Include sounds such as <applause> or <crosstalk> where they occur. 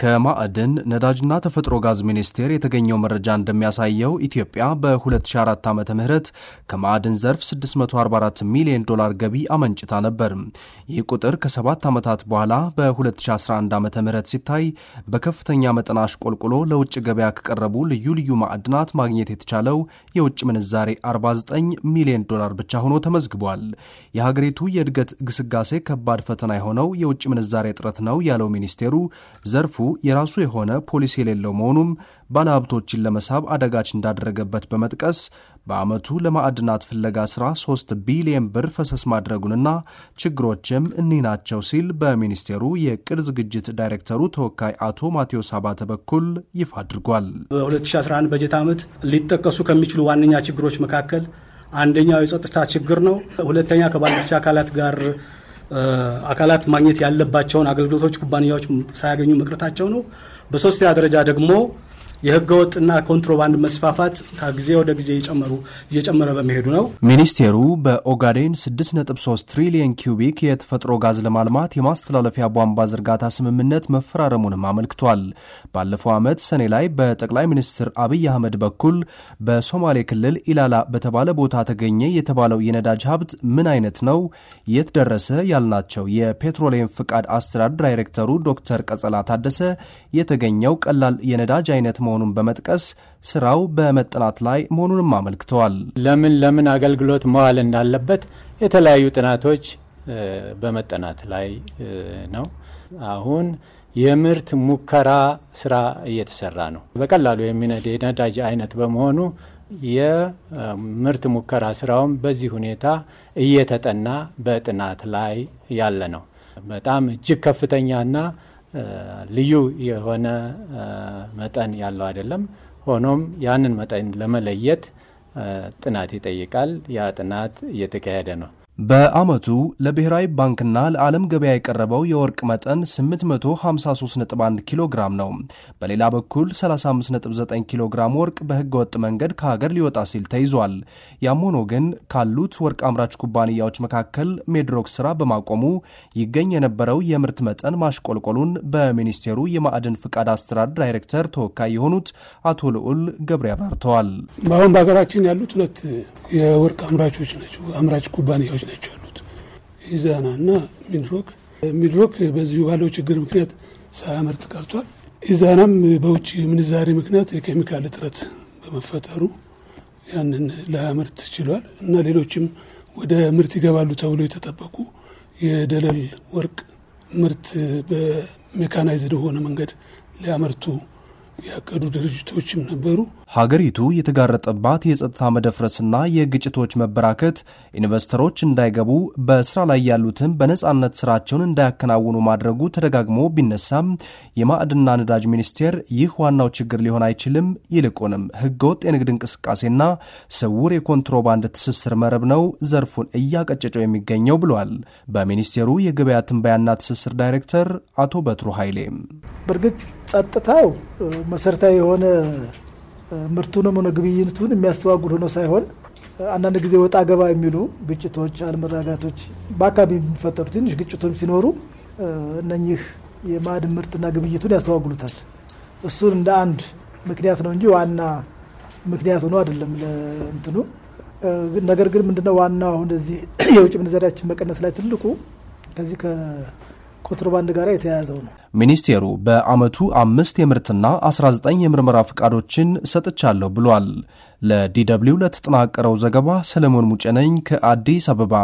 ከማዕድን ነዳጅና ተፈጥሮ ጋዝ ሚኒስቴር የተገኘው መረጃ እንደሚያሳየው ኢትዮጵያ በ2004 ዓ ም ከማዕድን ዘርፍ 644 ሚሊዮን ዶላር ገቢ አመንጭታ ነበር። ይህ ቁጥር ከሰባት ዓመታት በኋላ በ2011 ዓ ም ሲታይ በከፍተኛ መጠን አሽቆልቁሎ ለውጭ ገበያ ከቀረቡ ልዩ ልዩ ማዕድናት ማግኘት የተቻለው የውጭ ምንዛሬ 49 ሚሊዮን ዶላር ብቻ ሆኖ ተመዝግቧል። የሀገሪቱ የእድገት ግስጋሴ ከባድ ፈተና የሆነው የውጭ ምንዛሬ እጥረት ነው ያለው ሚኒስቴሩ ዘርፉ የራሱ የሆነ ፖሊሲ የሌለው መሆኑም ባለሀብቶችን ለመሳብ አደጋች እንዳደረገበት በመጥቀስ በዓመቱ ለማዕድናት ፍለጋ ሥራ 3 ቢሊየን ብር ፈሰስ ማድረጉንና ችግሮችም እኒህ ናቸው ሲል በሚኒስቴሩ የቅድ ዝግጅት ዳይሬክተሩ ተወካይ አቶ ማቴዎስ አባተ በኩል ይፋ አድርጓል። በ2011 በጀት ዓመት ሊጠቀሱ ከሚችሉ ዋነኛ ችግሮች መካከል አንደኛው የጸጥታ ችግር ነው። ሁለተኛ ከባለድርሻ አካላት ጋር አካላት ማግኘት ያለባቸውን አገልግሎቶች ኩባንያዎች ሳያገኙ መቅረታቸው ነው። በሶስተኛ ደረጃ ደግሞ የህገወጥና ኮንትሮባንድ መስፋፋት ከጊዜ ወደ ጊዜ እየጨመረ በመሄዱ ነው። ሚኒስቴሩ በኦጋዴን 6.3 ትሪሊየን ኪዩቢክ የተፈጥሮ ጋዝ ለማልማት የማስተላለፊያ ቧንቧ ዝርጋታ ስምምነት መፈራረሙንም አመልክቷል። ባለፈው ዓመት ሰኔ ላይ በጠቅላይ ሚኒስትር አብይ አህመድ በኩል በሶማሌ ክልል ኢላላ በተባለ ቦታ ተገኘ የተባለው የነዳጅ ሀብት ምን አይነት ነው? የት ደረሰ? ያልናቸው የፔትሮሊየም ፍቃድ አስተዳደር ዳይሬክተሩ ዶክተር ቀጸላ ታደሰ የተገኘው ቀላል የነዳጅ አይነት መሆኑን በመጥቀስ ስራው በመጠናት ላይ መሆኑንም አመልክተዋል። ለምን ለምን አገልግሎት መዋል እንዳለበት የተለያዩ ጥናቶች በመጠናት ላይ ነው። አሁን የምርት ሙከራ ስራ እየተሰራ ነው። በቀላሉ የሚነድ የነዳጅ አይነት በመሆኑ የምርት ሙከራ ስራውም በዚህ ሁኔታ እየተጠና በጥናት ላይ ያለ ነው። በጣም እጅግ ከፍተኛና ልዩ የሆነ መጠን ያለው አይደለም። ሆኖም ያንን መጠን ለመለየት ጥናት ይጠይቃል። ያ ጥናት እየተካሄደ ነው። በዓመቱ ለብሔራዊ ባንክና ለዓለም ገበያ የቀረበው የወርቅ መጠን 853.1 ኪሎ ግራም ነው። በሌላ በኩል 35.9 ኪሎ ግራም ወርቅ በህገ ወጥ መንገድ ከሀገር ሊወጣ ሲል ተይዟል። ያም ሆኖ ግን ካሉት ወርቅ አምራች ኩባንያዎች መካከል ሜድሮክ ስራ በማቆሙ ይገኝ የነበረው የምርት መጠን ማሽቆልቆሉን በሚኒስቴሩ የማዕድን ፍቃድ አስተዳደር ዳይሬክተር ተወካይ የሆኑት አቶ ልዑል ገብሬ አብራርተዋል። አሁን በሀገራችን ያሉት ሁለት የወርቅ አምራቾች ናቸው፣ አምራች ኩባንያዎች ናቸው ያሉት ኢዛና እና ሚድሮክ። ሚድሮክ በዚሁ ባለው ችግር ምክንያት ሳያመርት ቀርቷል። ኢዛናም በውጭ ምንዛሪ ምክንያት የኬሚካል እጥረት በመፈጠሩ ያንን ላያመርት ችሏል እና ሌሎችም ወደ ምርት ይገባሉ ተብሎ የተጠበቁ የደለል ወርቅ ምርት በሜካናይዝድ በሆነ መንገድ ሊያመርቱ ያቀዱ ድርጅቶችም ነበሩ። ሀገሪቱ የተጋረጠባት የጸጥታ መደፍረስና የግጭቶች መበራከት ኢንቨስተሮች እንዳይገቡ በስራ ላይ ያሉትን በነጻነት ስራቸውን እንዳያከናውኑ ማድረጉ ተደጋግሞ ቢነሳም የማዕድና ነዳጅ ሚኒስቴር ይህ ዋናው ችግር ሊሆን አይችልም፣ ይልቁንም ህገወጥ የንግድ እንቅስቃሴና ስውር የኮንትሮባንድ ትስስር መረብ ነው ዘርፉን እያቀጨጨው የሚገኘው ብሏል። በሚኒስቴሩ የገበያ ትንበያና ትስስር ዳይሬክተር አቶ በትሩ ኃይሌ በእርግጥ ጸጥታው መሰረታዊ የሆነ ምርቱንም ሆነ ግብይቱን የሚያስተዋጉድ ሆኖ ሳይሆን አንዳንድ ጊዜ ወጣ ገባ የሚሉ ግጭቶች፣ አለመረጋጋቶች በአካባቢ የሚፈጠሩ ትንሽ ግጭቶች ሲኖሩ እነኚህ የማዕድን ምርትና ግብይቱን ያስተዋጉሉታል። እሱን እንደ አንድ ምክንያት ነው እንጂ ዋና ምክንያት ሆኖ አይደለም ለእንትኑ። ነገር ግን ምንድነው ዋናው አሁን እዚህ <clears throat> የውጭ ምንዛሪያችን መቀነስ ላይ ትልቁ ከዚህ ኮንትሮባንድ ጋር የተያያዘው ነው። ሚኒስቴሩ በአመቱ አምስት የምርትና 19 የምርመራ ፈቃዶችን ሰጥቻለሁ ብሏል። ለዲደብሊው ለተጠናቀረው ዘገባ ሰለሞን ሙጨነኝ ከአዲስ አበባ